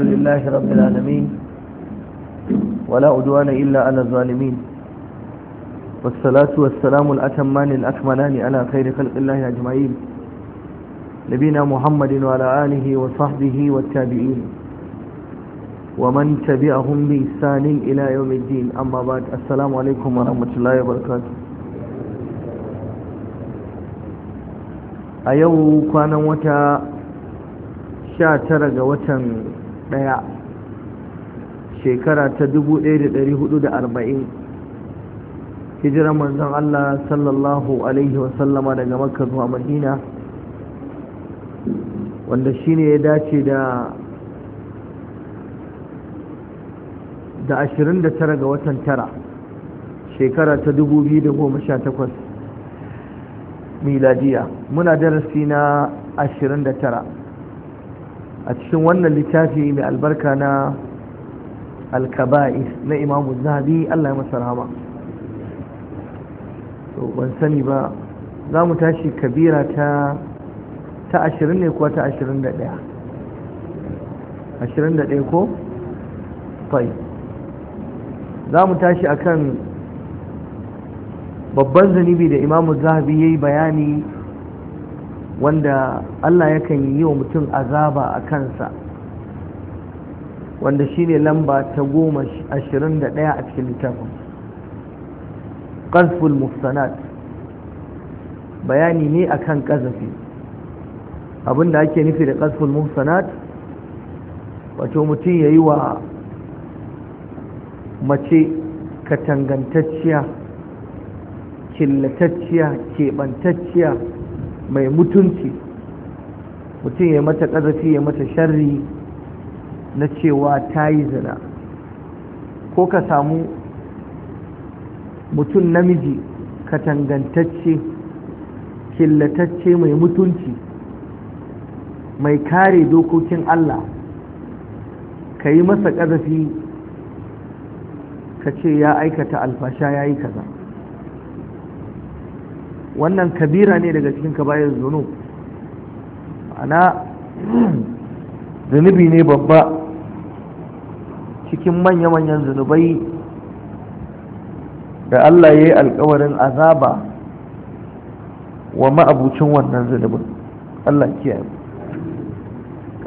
الحمد لله رب العالمين ولا أدوان إلا على الظالمين والصلاة والسلام الأتمان الأكملان على خير خلق الله أجمعين نبينا محمد وعلى آله وصحبه والتابعين ومن تبعهم بإحسان إلى يوم الدين أما بعد السلام عليكم ورحمة الله وبركاته a yau kwanan wata sha tara ga watan ɗaya shekara ta 1440 hijirar manzon Allah sallallahu alaihi wasallama daga makka zuwa madina wanda shine ya dace da da 29 ga watan tara shekara ta 2018 miladiya muna darasi na 29 a cikin wannan littafi mai albarka na alkaba'is na imamu zahabi Allah ya masa rahama to ban sani ba za mu tashi kabira ta ta ashirin ne kuwa ta ashirin da ɗaya ashirin da ɗaya ko? fai za mu tashi akan babban zanibi da imamu zahabi ya yi bayani wanda Allah yakan yi wa mutum azaba a kansa wanda shi ne lamba ta goma ashirin da ɗaya a cikin littafin ƙarfin mufsanat bayani ne akan ƙazafi abinda ake nufi da ƙarfin mufsanat wato mutum ya yi wa mace katangantacciya killatacciya keɓantacciya mai mutunci mutum ya mata ƙazafi ya mata sharri na cewa ta yi zina ko ka samu mutum namiji katangantacce killatacce mai mutunci mai kare dokokin Allah ka yi masa ƙazafi ka ce ya aikata alfasha ya yi kaza wannan kabira ne daga cikin kabayar zunub ana zunubi ne babba cikin manya-manyan zunubai da Allah ya yi alkawarin azaba wa ma'abucin wannan zunubin Allah kiyaye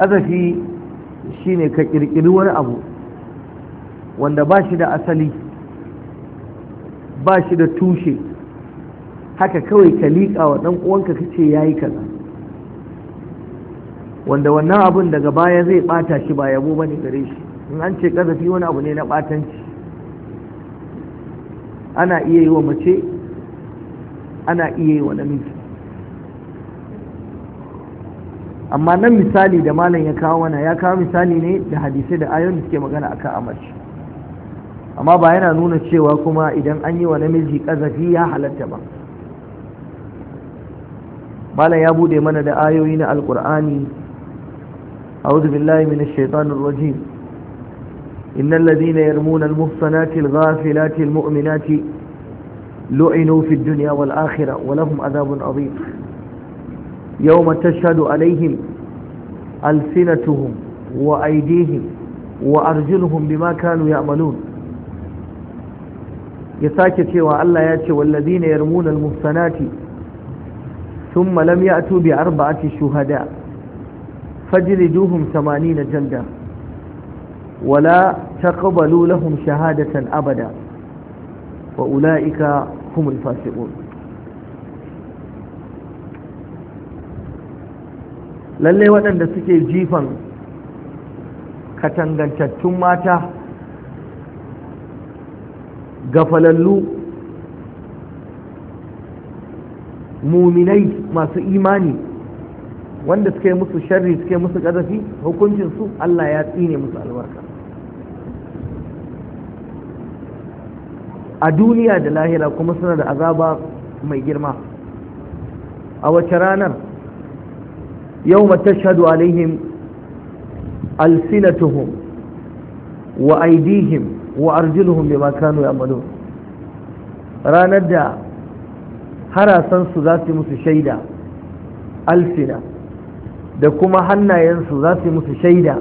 ƙazafi shi ne ka ƙirƙiri wani abu wanda ba shi da asali ba shi da tushe haka kawai ka liƙa wa ɗan uwanka ka ce ya yi kaza wanda wannan abun daga baya zai ɓata shi ba yabo ba ne gare shi in an ce ƙazafi wani abu ne na ɓatanci ana iya yi wa mace ana iya yi wa namiji amma nan misali da malam ya kawo mana ya kawo misali ne da hadisai da ayoyin da suke magana akan amarci amma ba yana nuna cewa kuma idan an yi wa namiji ƙazafi ya halatta ba malam ya bude mana da ayoyi na alkur'ani a'udhu billahi minash shaitanir rajim innal ladhina yarmuna al-muhsanati al-ghafilati al-mu'minati lu'inu fid dunya wal akhirah wa lahum adhabun adhim yawma tashhadu alayhim alsinatuhum wa aydihim wa arjuluhum bima kanu ya'malun ya sake cewa Allah ya ce wallazina yarmuna al ثم لم يأتوا بأربعة شهداء فاجلدوهم ثمانين جلدة ولا تقبلوا لهم شهادة أبدا وأولئك هم الفاسقون lallai waɗanda suke jifan katangantattun mata gafalallu muminai masu imani wanda suka musu sharri suka musu ƙazafi hukuncin su Allah ya tsine musu albarka a duniya da lahira kuma suna da azaba mai girma a wace ranar yau matashadu alaihim alsinatuhum wa aidihim wa arjuluhum bima kanu ya'malun ranar da harasansu za su musu shaida alfina da kuma hannayensu za su musu shaida